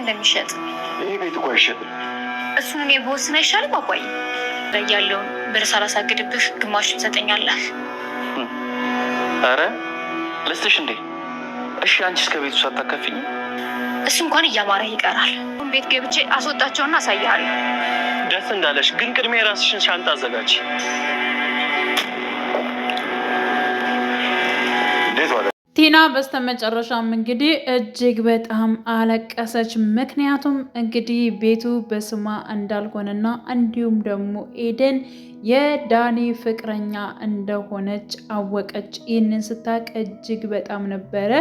እንደሚሸጥ ይህ ቤት እኮ አይሸጥም። እሱን እኔ በወስን አይሻልም? ላይ ያለውን ብር ሳላሳግድብህ ግማሹን ትሰጠኛለህ። አረ ልስትሽ እንዴ? እሺ አንቺ እስከ ቤቱ ሳታከፍኝ እሱ እንኳን እያማረ ይቀራል። ቤት ገብቼ አስወጣቸውና አሳይሃለሁ። ደስ እንዳለሽ። ግን ቅድሚያ የራስሽን ሻንጣ አዘጋጅ። እንዴት ዋለ ቲና በስተመጨረሻም እንግዲህ እጅግ በጣም አለቀሰች። ምክንያቱም እንግዲህ ቤቱ በስሟ እንዳልሆነና እንዲሁም ደግሞ ኤደን የዳኒ ፍቅረኛ እንደሆነች አወቀች። ይህንን ስታውቅ እጅግ በጣም ነበረ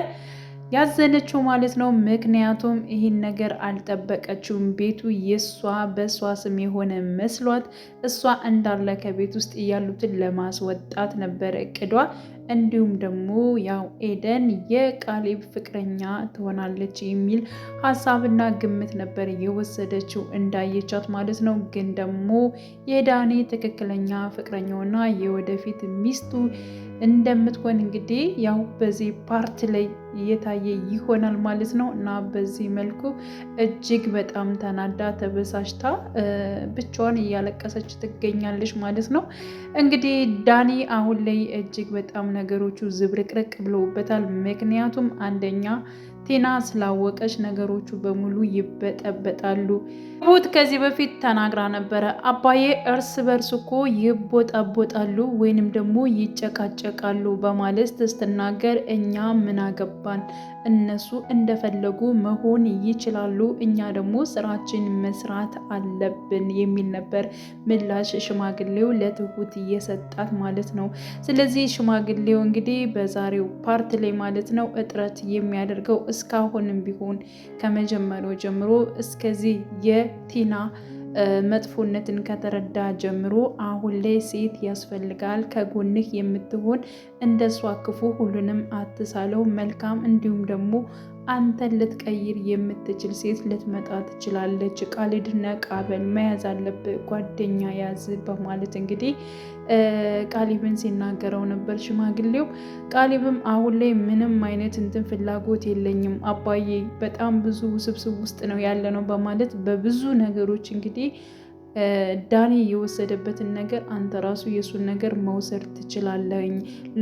ያዘነችው ማለት ነው። ምክንያቱም ይህን ነገር አልጠበቀችውም። ቤቱ የእሷ በእሷ ስም የሆነ መስሏት እሷ እንዳለ ከቤት ውስጥ ያሉትን ለማስወጣት ነበረ እቅዷ። እንዲሁም ደግሞ ያው ኤደን የቃሌብ ፍቅረኛ ትሆናለች የሚል ሀሳብና ግምት ነበር የወሰደችው እንዳየቻት ማለት ነው። ግን ደግሞ የዳኔ ትክክለኛ ፍቅረኛውና የወደፊት ሚስቱ እንደምትሆን እንግዲህ ያው በዚህ ፓርት ላይ እየታየ ይሆናል ማለት ነው። እና በዚህ መልኩ እጅግ በጣም ተናዳ ተበሳጭታ ብቻዋን እያለቀሰች ትገኛለች ማለት ነው። እንግዲህ ዳኒ አሁን ላይ እጅግ በጣም ነገሮቹ ዝብርቅርቅ ብለውበታል። ምክንያቱም አንደኛ ቴና ስላወቀች ነገሮቹ በሙሉ ይበጠበጣሉ። ትሁት ከዚህ በፊት ተናግራ ነበረ። አባዬ እርስ በርስ እኮ ይቦጣቦጣሉ ወይንም ደግሞ ይጨቃጨቃሉ በማለት ስትናገር እኛ ምን አገባን እነሱ እንደፈለጉ መሆን ይችላሉ፣ እኛ ደግሞ ስራችን መስራት አለብን የሚል ነበር ምላሽ ሽማግሌው ለትሁት እየሰጣት ማለት ነው። ስለዚህ ሽማግሌው እንግዲህ በዛሬው ፓርት ላይ ማለት ነው እጥረት የሚያደርገው እስካሁንም ቢሆን ከመጀመሪያው ጀምሮ እስከዚህ የቲና መጥፎነትን ከተረዳ ጀምሮ አሁን ላይ ሴት ያስፈልጋል፣ ከጎንህ የምትሆን እንደሷ ክፉ ሁሉንም አትሳለው መልካም እንዲሁም ደግሞ አንተን ልትቀይር የምትችል ሴት ልትመጣ ትችላለች። ቃሊድና ቃበል መያዝ አለብህ፣ ጓደኛ ያዝ በማለት እንግዲህ ቃሊብን ሲናገረው ነበር ሽማግሌው። ቃሊብም አሁን ላይ ምንም አይነት እንትን ፍላጎት የለኝም አባዬ፣ በጣም ብዙ ውስብስብ ውስጥ ነው ያለ ነው በማለት በብዙ ነገሮች እንግዲህ ዳኒ የወሰደበትን ነገር አንተ ራሱ የእሱን ነገር መውሰድ ትችላለኝ።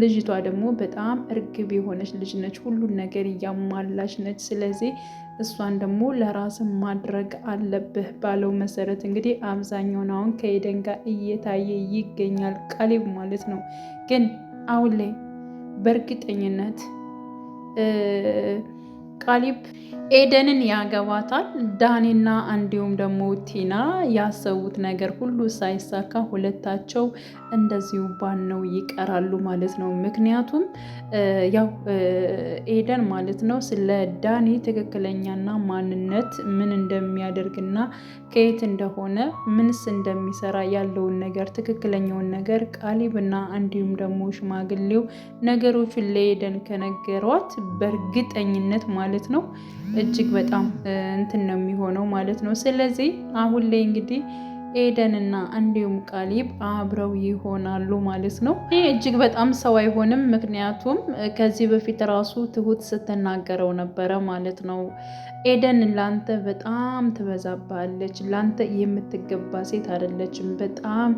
ልጅቷ ደግሞ በጣም እርግብ የሆነች ልጅ ነች፣ ሁሉን ነገር እያሟላች ነች። ስለዚህ እሷን ደግሞ ለራስን ማድረግ አለብህ ባለው መሰረት እንግዲህ አብዛኛውን አሁን ከኤደን ጋር እየታየ ይገኛል ቃሌብ ማለት ነው። ግን አሁን ላይ በእርግጠኝነት ቃሊብ ኤደንን ያገባታል። ዳኒና እንዲሁም ደግሞ ቲና ያሰቡት ነገር ሁሉ ሳይሳካ ሁለታቸው እንደዚሁ ባነው ይቀራሉ ማለት ነው። ምክንያቱም ያው ኤደን ማለት ነው ስለ ዳኒ ትክክለኛና ማንነት ምን እንደሚያደርግና ከየት እንደሆነ ምንስ እንደሚሰራ ያለውን ነገር ትክክለኛውን ነገር ቃሊብና እንዲሁም ደግሞ ሽማግሌው ነገሮችን ለኤደን ከነገሯት በእርግጠኝነት ማለት ማለት ነው እጅግ በጣም እንትን ነው የሚሆነው ማለት ነው። ስለዚህ አሁን ላይ እንግዲህ ኤደንና እንዲሁም ቃሊብ አብረው ይሆናሉ ማለት ነው። ይህ እጅግ በጣም ሰው አይሆንም። ምክንያቱም ከዚህ በፊት ራሱ ትሁት ስትናገረው ነበረ ማለት ነው። ኤደን ላንተ በጣም ትበዛባለች፣ ላንተ የምትገባ ሴት አይደለችም። በጣም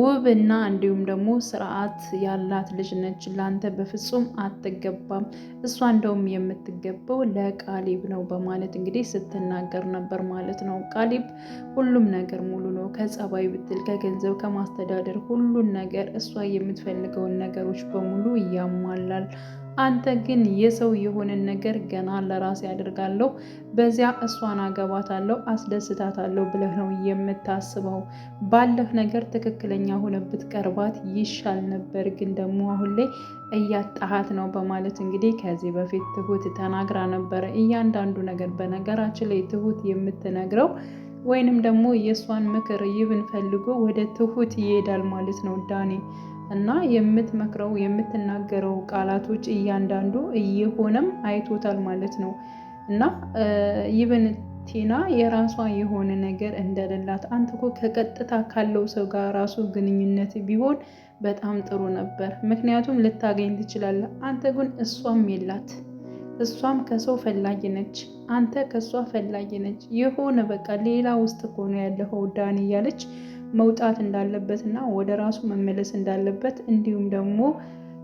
ውብ እና እንዲሁም ደግሞ ስርዓት ያላት ልጅ ነች። ለአንተ በፍጹም አትገባም። እሷ እንደውም የምትገባው ለቃሊብ ነው በማለት እንግዲህ ስትናገር ነበር ማለት ነው። ቃሊብ ሁሉም ነገር ሙሉ ነው። ከጸባይ ብትል፣ ከገንዘብ፣ ከማስተዳደር ሁሉን ነገር እሷ የምትፈልገውን ነገሮች በሙሉ ያሟላል። አንተ ግን የሰው የሆነን ነገር ገና ለራሴ አድርጋለሁ፣ በዚያ እሷን አገባታለሁ፣ አስደስታታለሁ ብለህ ነው የምታስበው። ባለህ ነገር ትክክለኛ ሆነ ብትቀርባት ይሻል ነበር፣ ግን ደግሞ አሁን ላይ እያጣሃት ነው በማለት እንግዲህ ከዚህ በፊት ትሁት ተናግራ ነበረ። እያንዳንዱ ነገር በነገራችን ላይ ትሁት የምትነግረው ወይንም ደግሞ የእሷን ምክር ይብን ፈልጎ ወደ ትሁት ይሄዳል ማለት ነው ዳኔ። እና የምትመክረው የምትናገረው ቃላቶች እያንዳንዱ እየሆነም አይቶታል ማለት ነው። እና ይብን ቲና የራሷ የሆነ ነገር እንደሌላት አንተ እኮ ከቀጥታ ካለው ሰው ጋር ራሱ ግንኙነት ቢሆን በጣም ጥሩ ነበር፣ ምክንያቱም ልታገኝ ትችላለህ። አንተ ግን እሷም የላት እሷም ከሰው ፈላጊ ነች፣ አንተ ከእሷ ፈላጊ ነች። የሆነ በቃ ሌላ ውስጥ እኮ ነው ያለኸው ዳኒ እያለች መውጣት እንዳለበት እና ወደ ራሱ መመለስ እንዳለበት እንዲሁም ደግሞ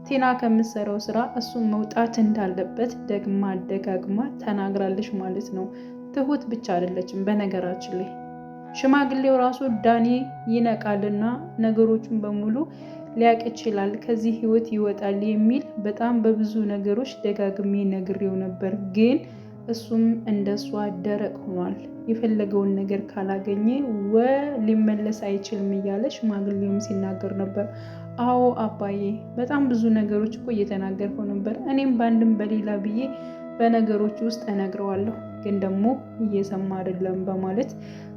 ቴና ከምትሰራው ስራ እሱም መውጣት እንዳለበት ደግማ አደጋግማ ተናግራለች ማለት ነው። ትሁት ብቻ አይደለችም። በነገራችን ላይ ሽማግሌው ራሱ ዳኒ ይነቃልና ነገሮቹን በሙሉ ሊያቅ ይችላል፣ ከዚህ ህይወት ይወጣል የሚል በጣም በብዙ ነገሮች ደጋግሜ ነግሬው ነበር። ግን እሱም እንደሷ ደረቅ ሆኗል። የፈለገውን ነገር ካላገኘ ወ ሊመለስ አይችልም እያለ ሽማግሌውም ሲናገር ነበር። አዎ አባዬ፣ በጣም ብዙ ነገሮች እኮ እየተናገርከው ነበር። እኔም በአንድም በሌላ ብዬ በነገሮች ውስጥ እነግረዋለሁ፣ ግን ደግሞ እየሰማ አይደለም በማለት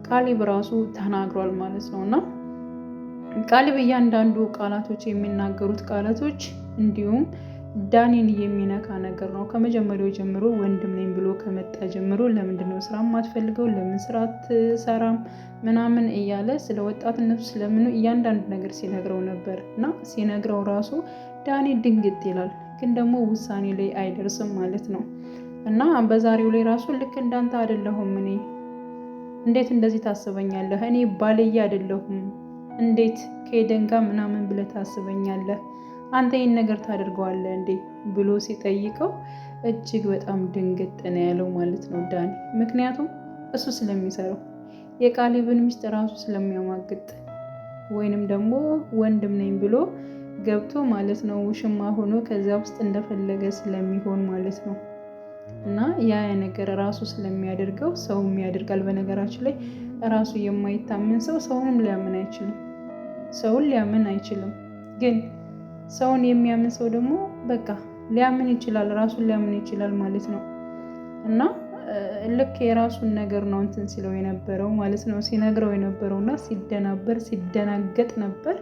ቃሊብ ራሱ ተናግሯል ማለት ነው እና ቃል በእያንዳንዱ ቃላቶች የሚናገሩት ቃላቶች እንዲሁም ዳኒን የሚነካ ነገር ነው። ከመጀመሪያው ጀምሮ ወንድም ነኝ ብሎ ከመጣ ጀምሮ ለምንድን ነው ስራ ማትፈልገው? ለምን ስራ አትሰራም? ምናምን እያለ ስለ ወጣትነቱ ስለምኑ እያንዳንዱ ነገር ሲነግረው ነበር እና ሲነግረው ራሱ ዳኒ ድንግጥ ይላል፣ ግን ደግሞ ውሳኔ ላይ አይደርስም ማለት ነው እና በዛሬው ላይ ራሱ ልክ እንዳንተ አይደለሁም እኔ እንዴት እንደዚህ ታስበኛለህ? እኔ ባልዬ አይደለሁም እንዴት ከሄደን ጋር ምናምን ብለህ ታስበኛለህ? አንተ ይህን ነገር ታደርገዋለህ እንዴ? ብሎ ሲጠይቀው እጅግ በጣም ድንግጥ ነው ያለው ማለት ነው ዳኒ። ምክንያቱም እሱ ስለሚሰራው የቃሊብን ሚስት ራሱ ስለሚያማግጥ ወይንም ደግሞ ወንድም ነኝ ብሎ ገብቶ ማለት ነው ውሽማ ሆኖ ከዚያ ውስጥ እንደፈለገ ስለሚሆን ማለት ነው እና ያ ነገር ራሱ ስለሚያደርገው ሰውም ያደርጋል። በነገራችን ላይ ራሱ የማይታመን ሰው ሰውንም ሊያምን አይችልም። ሰውን ሊያምን አይችልም። ግን ሰውን የሚያምን ሰው ደግሞ በቃ ሊያምን ይችላል፣ ራሱን ሊያምን ይችላል ማለት ነው። እና ልክ የራሱን ነገር ነው እንትን ሲለው የነበረው ማለት ነው ሲነግረው የነበረው እና ሲደናበር ሲደናገጥ ነበር።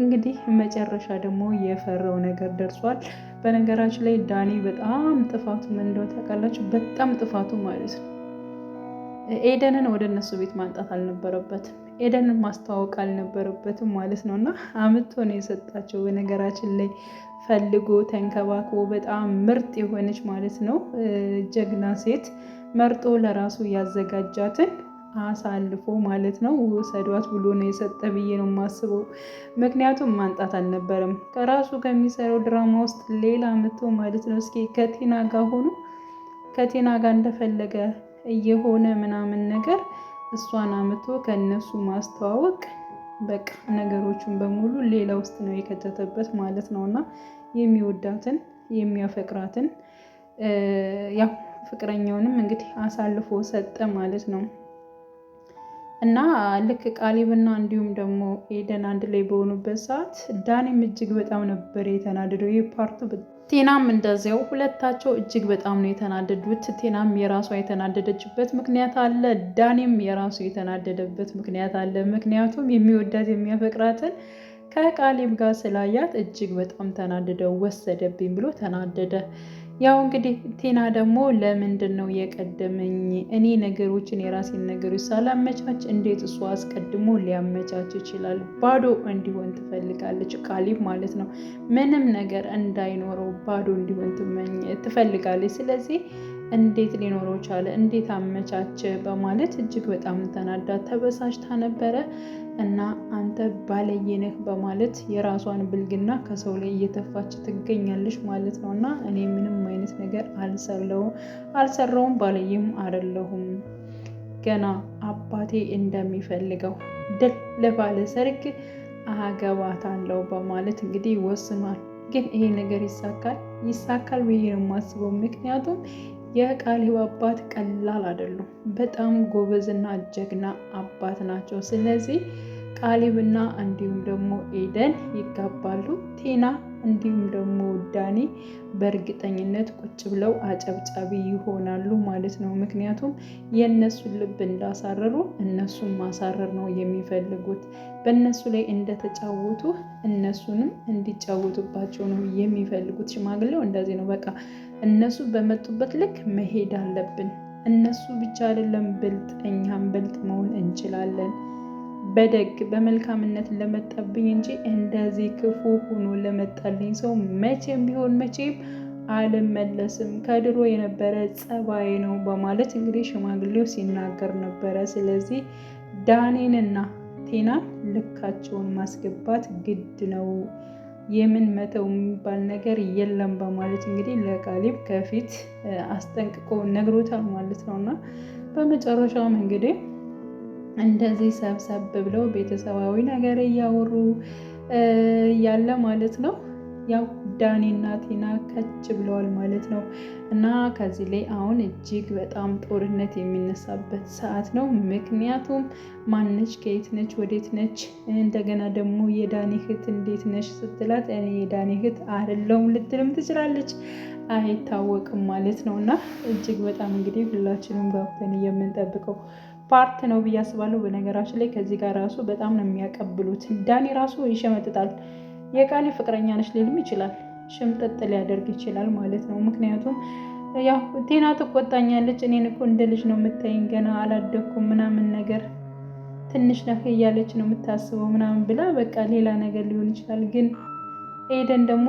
እንግዲህ መጨረሻ ደግሞ የፈራው ነገር ደርሷል። በነገራችን ላይ ዳኒ በጣም ጥፋቱ ምን እንደሆነ ታውቃላችሁ? በጣም ጥፋቱ ማለት ነው ኤደንን ወደ እነሱ ቤት ማምጣት አልነበረበትም። ኤደንን ማስተዋወቅ አልነበረበትም ማለት ነው። እና አምቶ ነው የሰጣቸው። በነገራችን ላይ ፈልጎ ተንከባክቦ በጣም ምርጥ የሆነች ማለት ነው ጀግና ሴት መርጦ ለራሱ ያዘጋጃትን አሳልፎ ማለት ነው ውሰዷት ብሎ ነው የሰጠ ብዬ ነው የማስበው። ምክንያቱም ማንጣት አልነበረም ከራሱ ከሚሰራው ድራማ ውስጥ ሌላ ምቶ ማለት ነው። እስኪ ከቴና ጋር ሆኖ ከቴና ጋር እንደፈለገ እየሆነ ምናምን ነገር እሷን አምቶ ከእነሱ ማስተዋወቅ በቃ ነገሮቹን በሙሉ ሌላ ውስጥ ነው የከተተበት ማለት ነው። እና የሚወዳትን የሚያፈቅራትን ያው ፍቅረኛውንም እንግዲህ አሳልፎ ሰጠ ማለት ነው። እና ልክ ቃሊብና እንዲሁም ደግሞ ኤደን አንድ ላይ በሆኑበት ሰዓት ዳኒም እጅግ በጣም ነበር የተናደደው። ይህ ፓርቱ ቴናም እንደዚያው ሁለታቸው እጅግ በጣም ነው የተናደዱት። ቴናም የራሷ የተናደደችበት ምክንያት አለ፣ ዳኔም የራሱ የተናደደበት ምክንያት አለ። ምክንያቱም የሚወዳት የሚያፈቅራትን ከቃሌም ጋር ስላያት እጅግ በጣም ተናደደ። ወሰደብኝ ብሎ ተናደደ። ያው እንግዲህ ቴና ደግሞ ለምንድን ነው የቀደመኝ? እኔ ነገሮችን የራሴን ነገሮች ሳላመቻች እንዴት እሱ አስቀድሞ ሊያመቻች ይችላል? ባዶ እንዲሆን ትፈልጋለች ቃሊብ ማለት ነው። ምንም ነገር እንዳይኖረው ባዶ እንዲሆን ትፈልጋለች። ስለዚህ እንዴት ሊኖረው ቻለ? እንዴት አመቻቸ? በማለት እጅግ በጣም ተናዳ ተበሳጭታ ነበረ። እና አንተ ባለየነህ በማለት የራሷን ብልግና ከሰው ላይ እየተፋች ትገኛለች ማለት ነው። እና እኔ ምንም አይነት ነገር አልሰለውም አልሰራውም ባለየም አደለሁም። ገና አባቴ እንደሚፈልገው ድል ለባለ ሰርግ አገባታለሁ በማለት እንግዲህ ወስኗል። ግን ይሄ ነገር ይሳካል ይሳካል ብዬ ነው የማስበው ምክንያቱም የቃሊብ አባት ቀላል አይደሉም። በጣም ጎበዝና ጀግና አባት ናቸው። ስለዚህ ቃሊብና እንዲሁም ደግሞ ኤደን ይጋባሉ። ቴና እንዲሁም ደግሞ ዳኒ በእርግጠኝነት ቁጭ ብለው አጨብጫቢ ይሆናሉ ማለት ነው። ምክንያቱም የእነሱን ልብ እንዳሳረሩ እነሱን ማሳረር ነው የሚፈልጉት። በእነሱ ላይ እንደተጫወቱ እነሱንም እንዲጫወቱባቸው ነው የሚፈልጉት። ሽማግሌው እንደዚህ ነው በቃ እነሱ በመጡበት ልክ መሄድ አለብን። እነሱ ብቻ አይደለም ብልጥ፣ እኛም ብልጥ መሆን እንችላለን። በደግ በመልካምነት ለመጣብኝ እንጂ እንደዚህ ክፉ ሆኖ ለመጣልኝ ሰው መቼም ቢሆን መቼም አልመለስም፣ ከድሮ የነበረ ጸባይ ነው በማለት እንግዲህ ሽማግሌው ሲናገር ነበረ። ስለዚህ ዳኔንና ቴናን ልካቸውን ማስገባት ግድ ነው። የምን መተው የሚባል ነገር የለም በማለት እንግዲህ ለቃሊብ ከፊት አስጠንቅቆ ነግሮታል ማለት ነው። እና በመጨረሻውም እንግዲህ እንደዚህ ሰብሰብ ብለው ቤተሰባዊ ነገር እያወሩ ያለ ማለት ነው ያው ዳኒና ቲና ከች ብለዋል ማለት ነው። እና ከዚህ ላይ አሁን እጅግ በጣም ጦርነት የሚነሳበት ሰዓት ነው። ምክንያቱም ማነች፣ ከየት ነች፣ ወዴት ነች፣ እንደገና ደግሞ የዳኒ እህት እንዴት ነች ስትላት እኔ የዳኒ እህት አይደለሁም ልትልም ትችላለች፣ አይታወቅም ማለት ነው። እና እጅግ በጣም እንግዲህ ሁላችንም ጓጉተን የምንጠብቀው ፓርት ነው ብዬ አስባለሁ። በነገራችን ላይ ከዚህ ጋር ራሱ በጣም ነው የሚያቀብሉት። ዳኒ ራሱ ይሸመጥጣል የቃሌ ፍቅረኛ ነች ሊልም ይችላል። ሽምጥጥ ሊያደርግ ይችላል ማለት ነው። ምክንያቱም ያው ቴና ትቆጣኛለች፣ እኔን እኮ እንደ ልጅ ነው የምታይኝ፣ ገና አላደግኩም ምናምን ነገር ትንሽ ነፍ እያለች ነው የምታስበው ምናምን ብላ በቃ ሌላ ነገር ሊሆን ይችላል። ግን ኤደን ደግሞ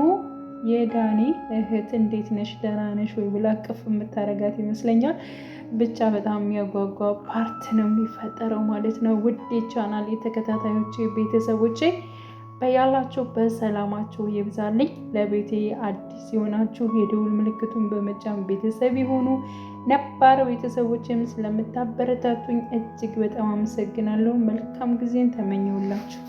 የዳኒ እህት እንዴት ነሽ ደህና ነሽ ወይ ብላ ቅፍ የምታረጋት ይመስለኛል። ብቻ በጣም የሚያጓጓ ፓርት ነው የሚፈጠረው ማለት ነው። ውድ ቻናል የተከታታዮቼ ቤተሰቦቼ በያላችሁበት ሰላማችሁ ይብዛልኝ። ለቤቴ አዲስ የሆናችሁ የደውል ምልክቱን በመጫን ቤተሰብ የሆኑ ነባር ቤተሰቦችም ስለምታበረታቱኝ እጅግ በጣም አመሰግናለሁ። መልካም ጊዜን ተመኘውላችሁ።